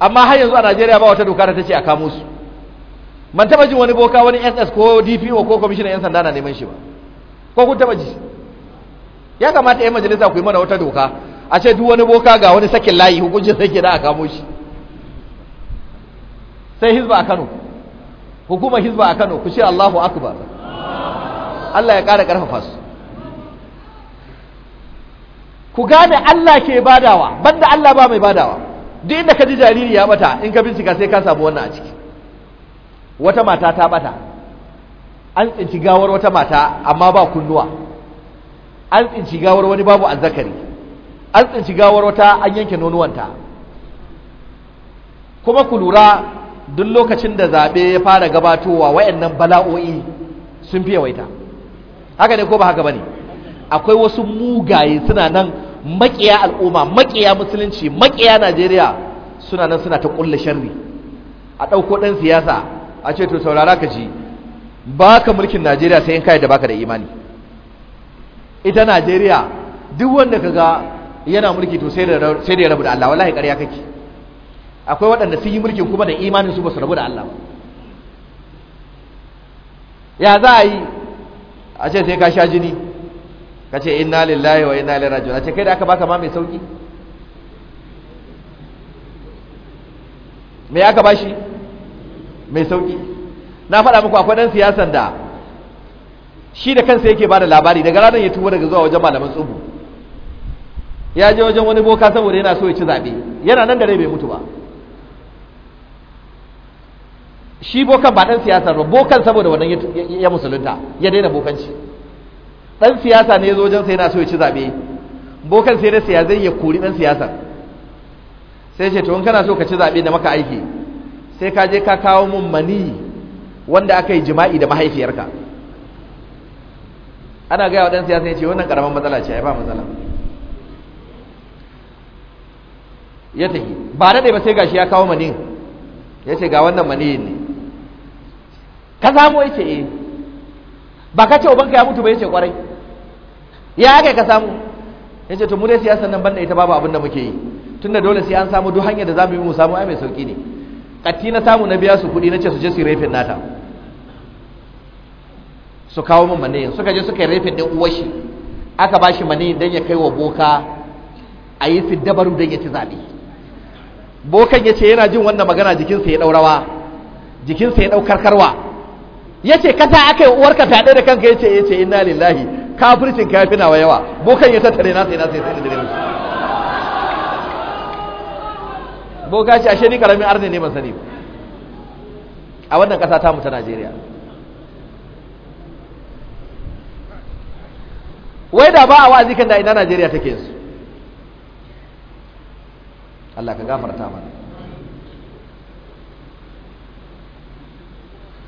amma har yanzu a Najeriya ba wata doka da ta ce a kamo su man taba jin wani boka wani SS ko DPO ko commissioner yan sanda na neman shi ba ko kun taba ji ya kamata yan majalisa ku yi mana wata doka a ce duk wani boka ga wani sakin layi hukuncin sai ke da a kamo shi sai hizba a Kano hukumar hizba a Kano ku ce Allahu akbar Allah ya ƙara karfafa su ku gane Allah ke badawa banda Allah ba mai badawa duk inda ka ji jariri ya bata in ka bincika sai ka samu wannan a ciki wata mata ta bata an tsinci gawar wata mata amma ba kunnuwa an tsinci gawar wani babu azzakari an tsinci gawar wata an yanke nonuwanta kuma ku lura duk lokacin da zaɓe ya fara gabatowa wayannan bala'o'i sun fi yawaita haka ne ko ba haka ba ne akwai wasu mugaye suna nan makiya al'umma makiya musulunci makiya najeriya suna nan suna ta kulla sharri a ɗauko ɗan siyasa a ce to saurara ka ji ba ka mulkin najeriya sai in kayi da baka da imani ita najeriya duk wanda ka ga yana mulki to sai da ya rabu da allah wallahi ƙarya kake akwai waɗanda sun yi mulkin kuma da imanin su ba su rabu da allah ya za a yi a ce sai ka sha jini ka ce inna lillahi wa inna ilaihi raji'un a ce kai da aka baka ma mai sauki me aka bashi mai sauki na faɗa muku akwai ɗan siyasan da shi da kansa yake bada labari daga ranar ya tuba daga zuwa wajen malaman tsubu ya je wajen wani boka saboda yana so ya ci zaɓe yana nan da rai bai mutu ba shi bokan ba ɗan siyasar ba bokan saboda wannan ya musulunta ya daina bokanci dan siyasa ne ya zo wajen sai yana so ya ci zabe bokan sai da siya zai ya kori dan siyasa sai ce to in kana so ka ci zabe da maka aiki sai ka je ka kawo mun mani wanda aka yi jima'i da mahaifiyarka ana gaya wa dan siyasa ya ce wannan karaman matsala ce ai ba matsala ya tafi ba dai ba sai gashi ya kawo mani ya ce ga wannan mani ne ka samu ya ce eh ba ka ce ubanka ya mutu ba yace kwarai ya kai ka samu yace to mu dai siyasar nan banda ita babu abin da muke yi tunda dole sai an samu duk hanyar da za mu yi mu samu ai mai sauki ne katti na samu na biya su kuɗi na ce su je su rafin nata su kawo min maniyin suka je suka yi rafin ɗin uwar shi aka ba shi maniyin don ya kai wa boka a yi dabaru don ya ci zaɓe bokan ya ce yana jin wannan magana jikinsa ya ɗaurawa jikinsa ya ɗaukar karwa yace kasa akai uwarka fyaɗe da kanka yace yace inna lillahi kafircin kafina wa yawa bokan ya tattare na sai na sai sai da dare boka shi ashe ni karamin arne ne ban sani ba a wannan kasa ta mu ta Najeriya wai da ba a wa'azi kan da ina Najeriya take yanzu Allah ka gafarta mana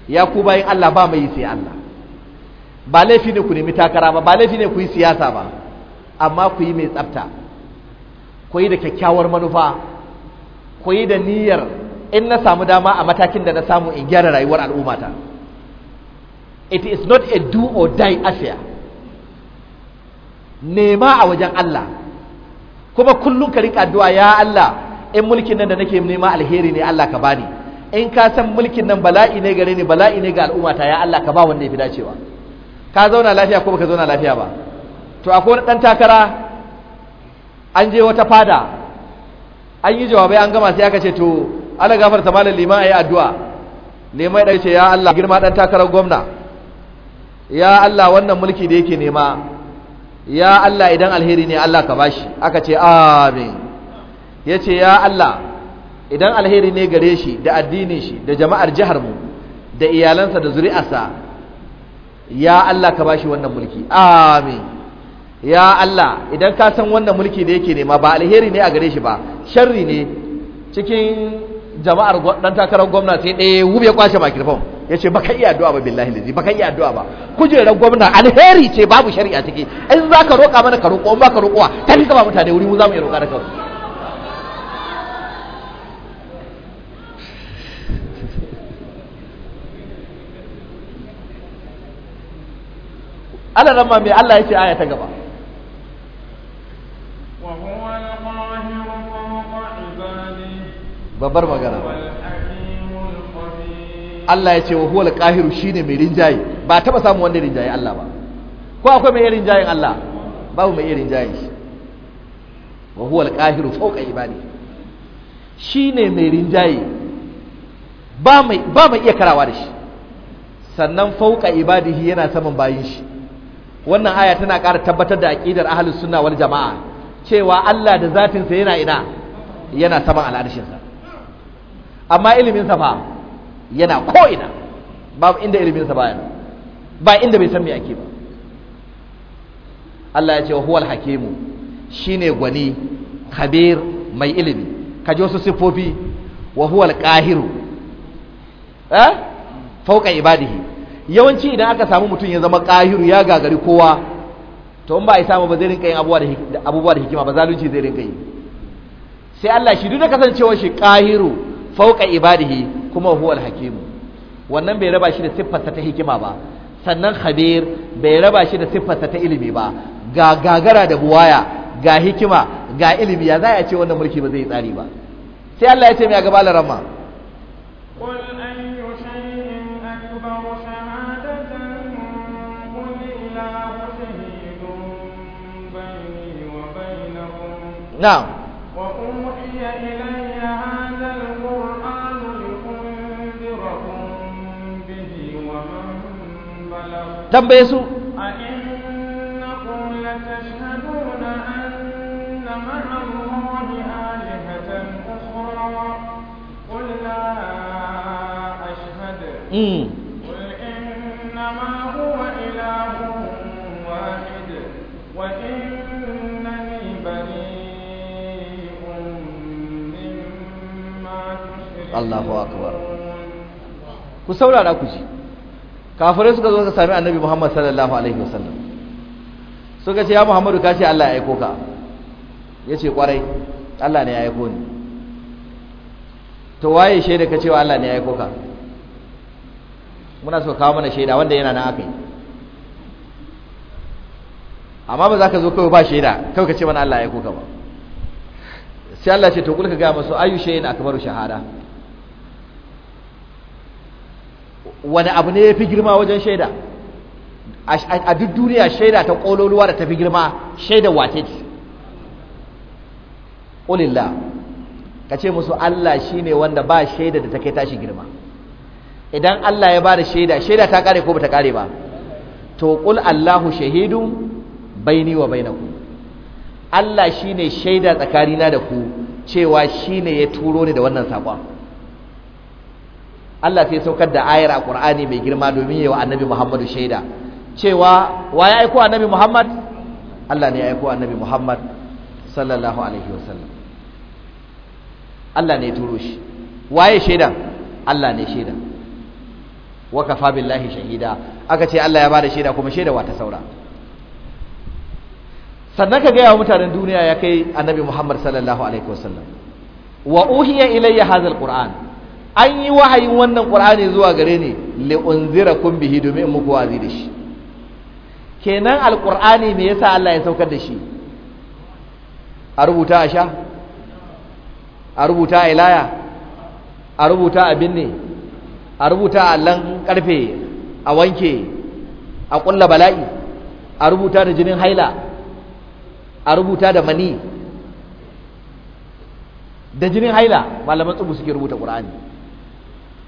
ya ku bayan Allah ba mai sai Allah ba laifi ne ku nemi takara ba ba laifi ne ku yi siyasa ba amma ku yi mai tsafta ku yi da kyakkyawar manufa ku yi da niyyar in na samu dama a matakin da na samu in gyara rayuwar al'ummata it is not a do or die affair nema a wajen Allah kuma kullum ka riƙa addu'a ya Allah in mulkin nan da nake nema alheri ne Allah ka bani in ka san mulkin nan bala'i ne gare ni bala'i ne ga al'ummata ya Allah ka ba wanda ya fi dacewa ka zauna lafiya ko baka zauna lafiya ba to akwai wani dan takara an je wata fada an yi jawabai an gama sai aka ce to ala gafarta malam liman ayi addu'a liman ya ce ya Allah girma dan takarar gwamna ya Allah wannan mulki da yake nema ya Allah idan alheri ne Allah ka bashi aka ce amin yace ya Allah idan alheri ne gare shi da addinin shi da jama'ar jihar mu da iyalansa da zuri'arsa ya Allah ka bashi wannan mulki amin ya Allah idan ka san wannan mulki da yake nema ba alheri ne a gare shi ba sharri ne cikin jama'ar dan takarar gwamna sai ɗaya ya kwashe makirfon ya ce baka iya addu'a ba billahi lazi baka iya addu'a ba kujerar gwamna alheri ce babu shari'a take in za ka roƙa mana ka roƙo in ba ka roƙowa ta fi ka ba mutane wuri mu za mu yi roƙa da kawai Allah ramma mai Allah ya ce aya ta gaba babbar magana Allah ya ce wa huwal qahiru shine mai rinjaye ba taba samu wanda rinjaye Allah ba ko akwai mai rinjayen Allah babu mai rinjaye shi wa huwal qahiru fawqa ibadi shine mai rinjaye ba mai ba mai iya karawa da shi sannan fauka ibadihi yana saman bayin shi wannan aya tana ƙara tabbatar da aƙidar ahlus sunna wal jama'a cewa Allah da zafinsa yana ina yana saman al'arshinsa amma iliminsa fa yana ko'ina babu inda iliminsa baya ba inda bai san me ake ba Allah ya ce wa huwal hakimu shine gwani khabir mai ilimi ka ji wasu siffofi wa huwal qahiru eh fauka ibadihi yawanci idan aka samu mutum ya zama ƙahiru ya gagari kowa to in ba a samu ba zai rinka yin abubuwa da hikima ba zalunci zai rinka yi sai Allah shi duk da kasancewar shi ƙahiru fauka ibadihi kuma huwa alhakimu wannan bai raba shi da siffarsa ta hikima ba sannan khabir bai raba shi da siffarsa ta ilimi ba ga gagara da buwaya ga hikima ga ilimi ya za a ce wannan mulki ba zai tsari ba sai Allah ya ce mai a gaba larama نعم وأوحي إلي هذا القرآن لأنذركم به ومن بلغ تنبيسوا أئنكم لتشهدون أن مع الله آلهة أخرى قل لا أشهد قل إنما هو إله واحد وإن Allahu akbar ku saurara ku ji kafirai suka zo suka sami annabi Muhammad sallallahu alaihi wasallam suka ce ya Muhammadu ka ce Allah ya aiko ka yace kwarai Allah ne ya aiko ni to waye shaida ka cewa Allah ne ya aiko ka muna so kawo mana shaida wanda yana na akai amma ba za ka zo kawai ba shaida kawai ka ce mana Allah ya aiko ka ba sai Allah ce to kulka ga masu ayu shay'in akbaru shahada wani abu ne ya fi girma wajen shaida a duk duniya shaida ta ƙololuwa da ta fi girma shaida wace ce ƙulilla ka ce musu Allah shi ne wanda ba shaida da ta kai tashi girma idan Allah ya ba da shaida shaida ta ƙare ko ba ta ƙare ba to ƙul Allahu shahidun baini wa bainaku Allah shi ne shaida tsakanina da ku cewa shi ne ya turo ni da wannan saƙon Allah sai saukar da ayar a Qur'ani mai girma domin yawa annabi Muhammadu shaida cewa wa ya aiko annabi Muhammad Allah ne ya aiko annabi Muhammad sallallahu alaihi wasallam Allah ne ya turo shi waye shaidan Allah ne shaidan wa kafa billahi shahida aka ce Allah ya bada shaida kuma shaida wata saura sannan ka gaya wa mutanen duniya ya kai annabi Muhammad sallallahu alaihi wasallam wa uhiya ilayya hadha qur'an. an yi wahayin wannan qur'ani zuwa gare ne li kun bihi domin in muku wazi da shi kenan alqur'ani me yasa Allah ya saukar da shi a rubuta a sha a rubuta a ilaya a rubuta a binne a rubuta a allan karfe a wanke a kulla bala'i a rubuta da jinin haila a rubuta da mani da jinin haila malaman tsubu suke rubuta ƙur'ani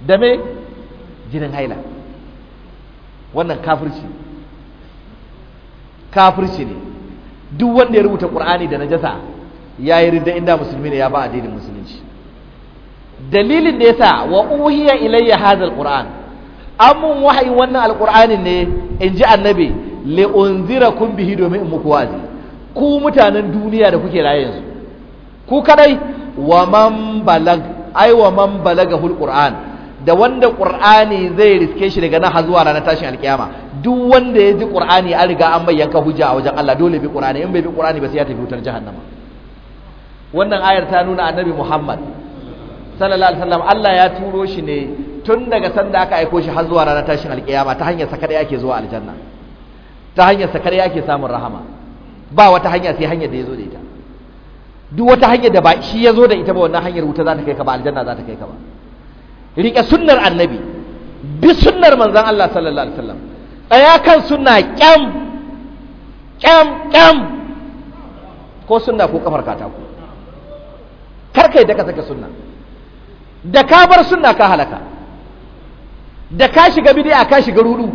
da me jinin haila wannan kafirci kafirci ne duk wanda ya rubuta qur'ani da najasa yi ridda inda musulmi ne ya ba addinin musulunci dalilin da yasa wa uhiya ilayya hadha alquran amun wahayi wannan alqur'anin ne inji annabi li unzirakum bihi domin in muku wazi ku mutanen duniya da kuke raye yanzu ku kadai wa man balag ai wa man balaga hul qur'an da wanda ƙur'ani zai riske shi daga nan zuwa ranar tashin alkiyama duk wanda ya ji ƙur'ani an riga an bayyanka hujja a wajen Allah dole bi ƙur'ani in bai bi ƙur'ani ba sai ya tafi wutar jahannama wannan ayar ta nuna annabi Muhammad sallallahu alaihi wasallam Allah ya turo shi ne tun daga sanda aka aiko shi har zuwa ranar tashin alkiyama ta hanyar sakar yake zuwa aljanna ta hanyar sakar yake samun rahama ba wata hanya sai hanyar da ya zo da ita duk wata hanyar da ba shi ya zo da ita ba wannan hanyar wuta za ta kai ka ba aljanna za ta kai ka ba riƙe sunnar annabi bi sunnar manzan Allah sallallahu alaihi wasallam tsaya kan suna kyam kyam kyam ko suna ko kafar katako kar kai da ka saka suna da ka bar suna ka halaka da ka shiga bid'a ka shiga rudu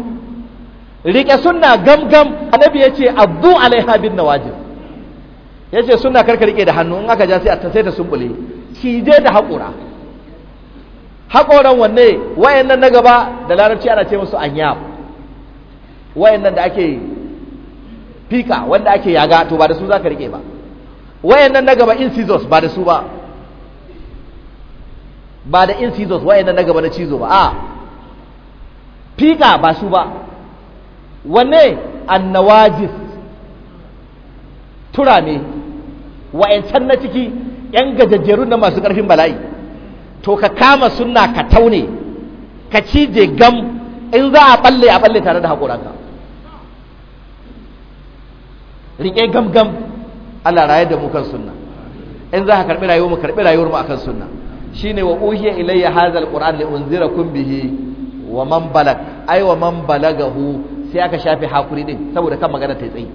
riƙe suna gam gam annabi ce abu alaiha bin ya yace suna karka riƙe da hannu in aka ja sai a sai ta sumbule je da haƙura haƙoran wanne wayannan na gaba da larabci ana ce musu wayan wayannan da ake fika wanda ake yaga to ba da su za ka rike ba wayannan na gaba incisors ba da su ba ba da incisors wayannan na gaba na cizo ba a fika ba su ba wanne annawajis turame can na ciki yan gajajjeru na masu ƙarfin bala'i to ka kama sunna ka taune ka cije gam in za a balle a balle tare da haƙoranka riƙe gam gam Allah raye da mu kan sunna in za ka karɓi rayuwar mu karɓi rayuwar mu akan sunna shine wa uhiya ilayya hadha alquran li unzirakum bihi wa man balag ay wa man balagahu sai aka shafe hakuri din saboda kan magana ta tsayi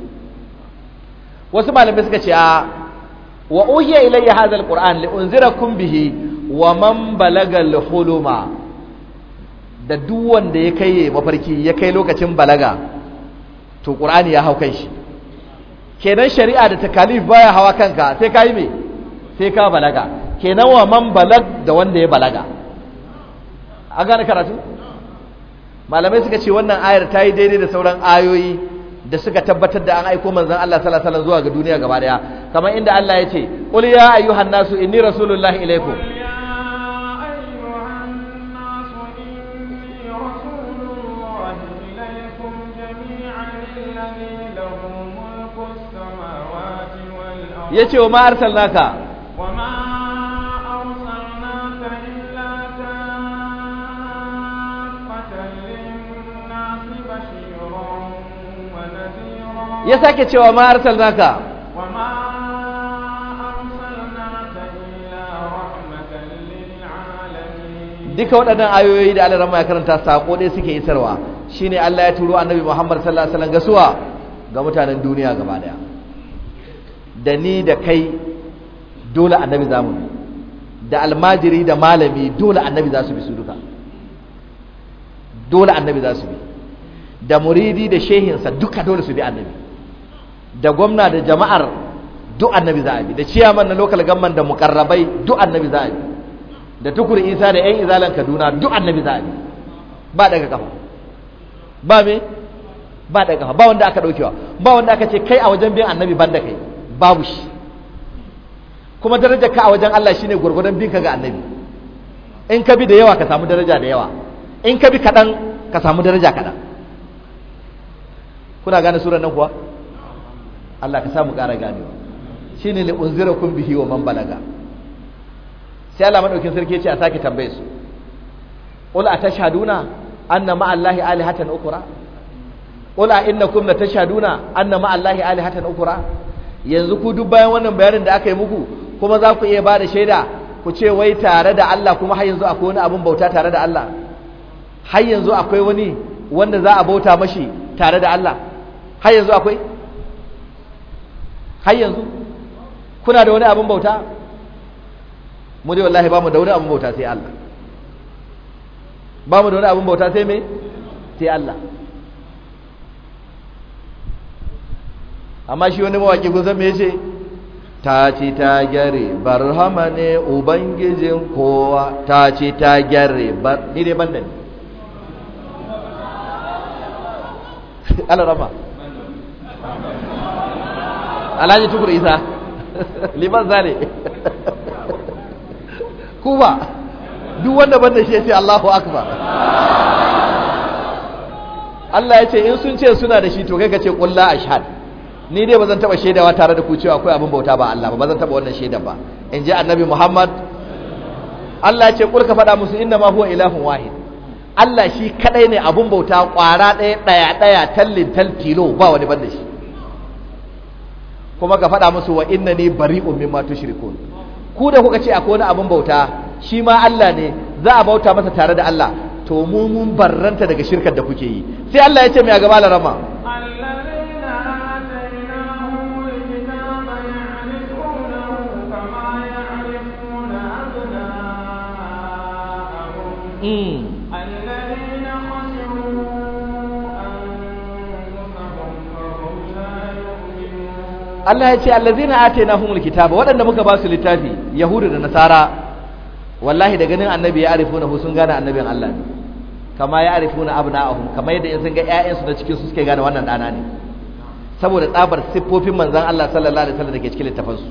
wasu malamai suka ce a wa uhiya ilayya hadha alquran li unzirakum bihi wa man balagal huluma da duk wanda ya kai mafarki ya kai lokacin balaga to qur'ani ya hau kan shi kenan shari'a da takalif baya hawa kanka sai ka yi me sai ka balaga kenan wa man balag da wanda ya balaga A gane karatu malamai suka ce wannan ayar ta yi daidai da sauran ayoyi da suka tabbatar da an aiko manzon Allah sallallahu alaihi wasallam zuwa ga duniya gaba daya kamar inda Allah ya ce qul ya ayyuhan nasu inni rasulullahi ilaikum ya ce wa ma naka ya sake cewa ma naka wa duka waɗannan ayoyi da Allah ya karanta sako ɗaya suke isarwa shine Allah ya turo Annabi Muhammad sallallahu alaihi wasallam ga suwa ga mutanen duniya gaba daya da ni da kai dole annabi za mu da almajiri da malami dole annabi za su bi su duka dole annabi za su bi da muridi da shehinsa duka dole su bi annabi da gwamna da jama'ar duk annabi za a bi da ciyaman na local government da mukarrabai duk annabi za a bi da tukur isa da yan izalan kaduna duk annabi za a bi ba daga kafa ba me ba daga kafa ba wanda aka daukewa ba wanda aka ce kai a wajen biyan annabi banda kai babu shi kuma darajar ka a wajen Allah shine gurgurdan binka ga annabi in ka bi da yawa ka samu daraja da yawa in ka bi kaɗan ka samu daraja kaɗan kuna gane surar nan kuwa Allah ka samu ƙara gane shine li kun bihi wa man balaga sai Allah madaukin sarki ya ce a sake tambaye su qul atashhaduna anna ma allahi alihatan ukra qul a innakum latashhaduna anna ma allahi alihatan ukra yanzu ku duk bayan wannan bayanin da aka yi muku kuma za ku iya ba da shaida ku ce wai tare da Allah kuma har yanzu akwai wani abin bauta tare da Allah har yanzu akwai wani wanda za a bauta mashi tare da Allah har yanzu akwai har yanzu kuna da wani abin bauta mu dai wallahi ba mu da wani abin bauta sai Allah ba mu da wani abin bauta sai me sai Allah amma shi wani mawaƙi kun san me ce ta ci ta gyare barhama ne ubangijin kowa ta ci ta gyare bar ni dai banda ne ala rama alhaji tukur isa liman zane kuma duk wanda banda shi ya ce allahu akbar Allah ya ce in sun ce suna da shi to kai ka ce ƙulla ashad ni dai bazan taba shaidawa tare da ku cewa akwai abin bauta ba Allah ba bazan taba wannan shaidan ba in ji annabi Muhammad Allah ya ce kurka fada musu inna ma huwa ilahun wahid Allah shi kadai ne abin bauta kwara ɗaya ɗaya ɗaya tallin taltilo ba wani banda shi kuma ka faɗa musu wa inna ni bari'un mimma tushrikun ku da kuka ce akwai wani abin bauta shi ma Allah ne za a bauta masa tare da Allah to mu mun barranta daga shirkar da kuke yi sai Allah ya ce mai a gaba larama ya ce Allah ya ce allazina atainahumul kitaba waɗanda muka ba su littafi yahudu da nasara wallahi da ganin annabi ya arifuna hu sun gane annabin Allah ne kama ya arifuna abna'ahum kama yadda in sun ga 'ya'yansu na cikin su suke gane wannan ɗana ne saboda tsabar siffofin manzon Allah sallallahu alaihi wasallam da ke cikin littafansu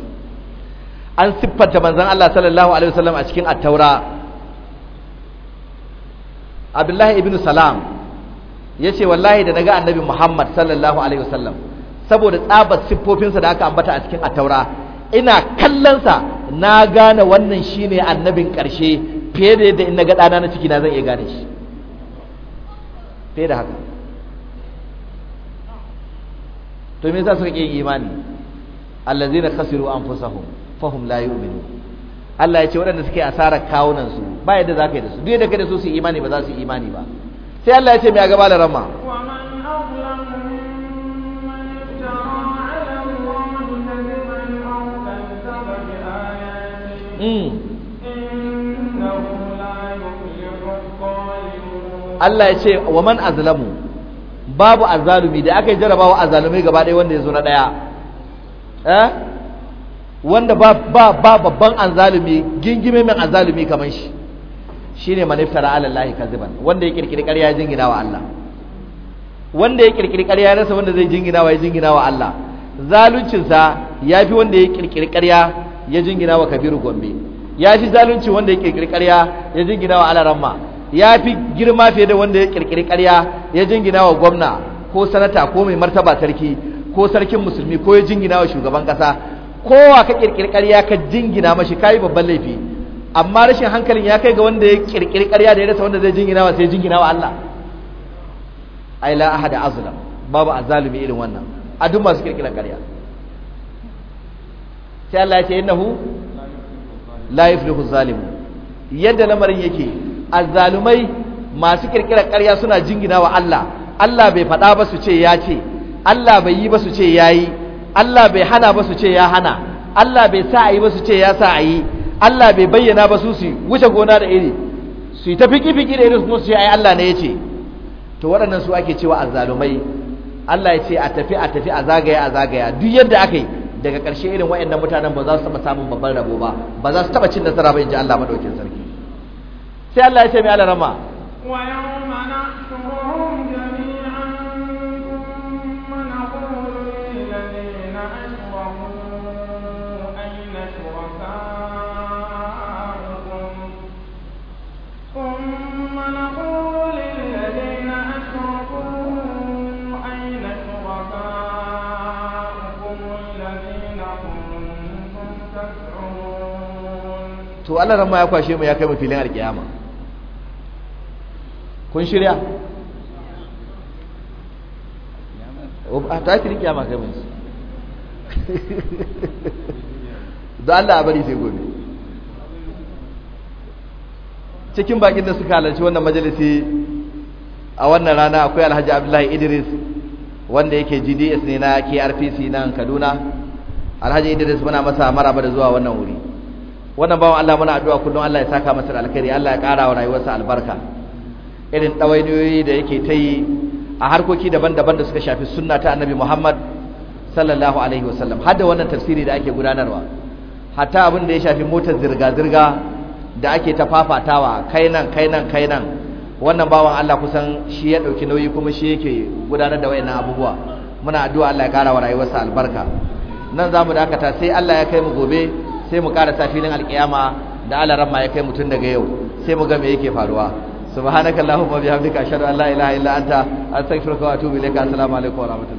an siffanta manzon Allah sallallahu alaihi wasallam a cikin at-taura abdullahi ibn salam ya ce wallahi da daga annabi muhammad sallallahu alaihi wasallam saboda tsabar siffofinsa da aka ambata a cikin ataura ina kallonsa na gane wannan shine annabin karshe fiye da yadda in na ga ɗana na ciki na zan iya gane shi fiye da haka to me yasa suka ƙi imani allazina khasiru anfusahum fahum la yu'minun Allah ya ce waɗanda suke asarar kawunan su ba yadda za ka yi da su duk yadda ka da su su imani ba za su imani ba sai Allah ya ce mai agaba gaba da rama hmm. Allah ya ce wa man azlamu babu azalumi da aka yi jarabawa azalumi gaba ɗaya wanda ya zo na ɗaya eh wanda ba ba ba babban anzalumi gingime min anzalumi kamar shi shine man iftara ala allahi kaziban wanda ya kirkiri ƙarya ya jingina wa Allah wanda ya kirkiri ƙarya ya rasa wanda zai jingina wa ya jingina wa Allah zaluncin sa yafi wanda ya kirkiri ƙarya ya jingina wa kabiru gombe ya fi zalunci wanda ya kirkiri ƙarya ya jingina wa alaramma ya fi girma fiye da wanda ya kirkiri ƙarya ya jingina wa gwamna ko sanata ko mai martaba sarki ko sarkin musulmi ko ya jingina wa shugaban ƙasa kowa ka kirkiri ƙarya ka jingina mashi ka yi babban laifi amma rashin hankalin ya kai ga wanda ya kirkiri ƙarya da ya rasa wanda zai jingina wa sai jingina wa Allah ai la ahada azlam babu azalimi irin wannan a duk masu ƙirƙiran ƙarya sai Allah ya ce innahu la yuflihu zalimu yadda lamarin yake azzalumai masu ƙirƙiran ƙarya suna jingina wa Allah Allah bai faɗa ba su ce ya ce Allah bai yi ba su ce ya yi Allah bai hana ba su ce ya hana Allah bai sa a yi ba su ce ya sa a yi Allah bai bayyana ba su su wuce gona da iri su yi ta fiki-fiki da iri su ce ai Allah ne ya ce to waɗannan su ake cewa azzalumai Allah ya ce a tafi a tafi a zagaya a zagaya duk yadda aka yi daga ƙarshe irin waɗannan mutanen ba za su taɓa samun babban rabo ba ba za su taɓa cin nasara ba in ji Allah maɗaukin sarki sai Allah ya ce mai rama wa yawma to Allah ran ma ya kwashe mu ya kai mu filin alkiyama kun shirya a ta filin kiyama kai mun da Allah a bari sai gobe cikin bakin da suka halarci wannan majalisi a wannan rana akwai alhaji abdullahi idris wanda yake gds ne na krpc nan kaduna alhaji idris muna masa maraba da zuwa wannan wuri wannan bawan Allah muna addu'a kullum Allah ya saka masa da alkhairi Allah ya ƙara wa rayuwarsa albarka irin ɗawainiyoyi da yake ta yi a harkoki daban-daban da suka shafi sunna ta annabi Muhammad sallallahu alaihi wasallam har da wannan tafsiri da ake gudanarwa hatta abin da ya shafi motar zirga-zirga da ake ta fafatawa kai nan kai nan kai nan wannan bawan Allah kusan shi ya ɗauki nauyi kuma shi yake gudanar da wayannan abubuwa muna addu'a Allah ya ƙara wa rayuwarsa albarka nan za mu dakata sai Allah ya kai mu gobe sai mu ƙara filin alƙiyama da alaran ya kai mutum daga yau sai mu ga me yake faruwa subhanakallahumma bihamdika ashhadu an la ilaha illa anta astaghfiruka wa atubu ilaika assalamu alaikum wa rahmatullahi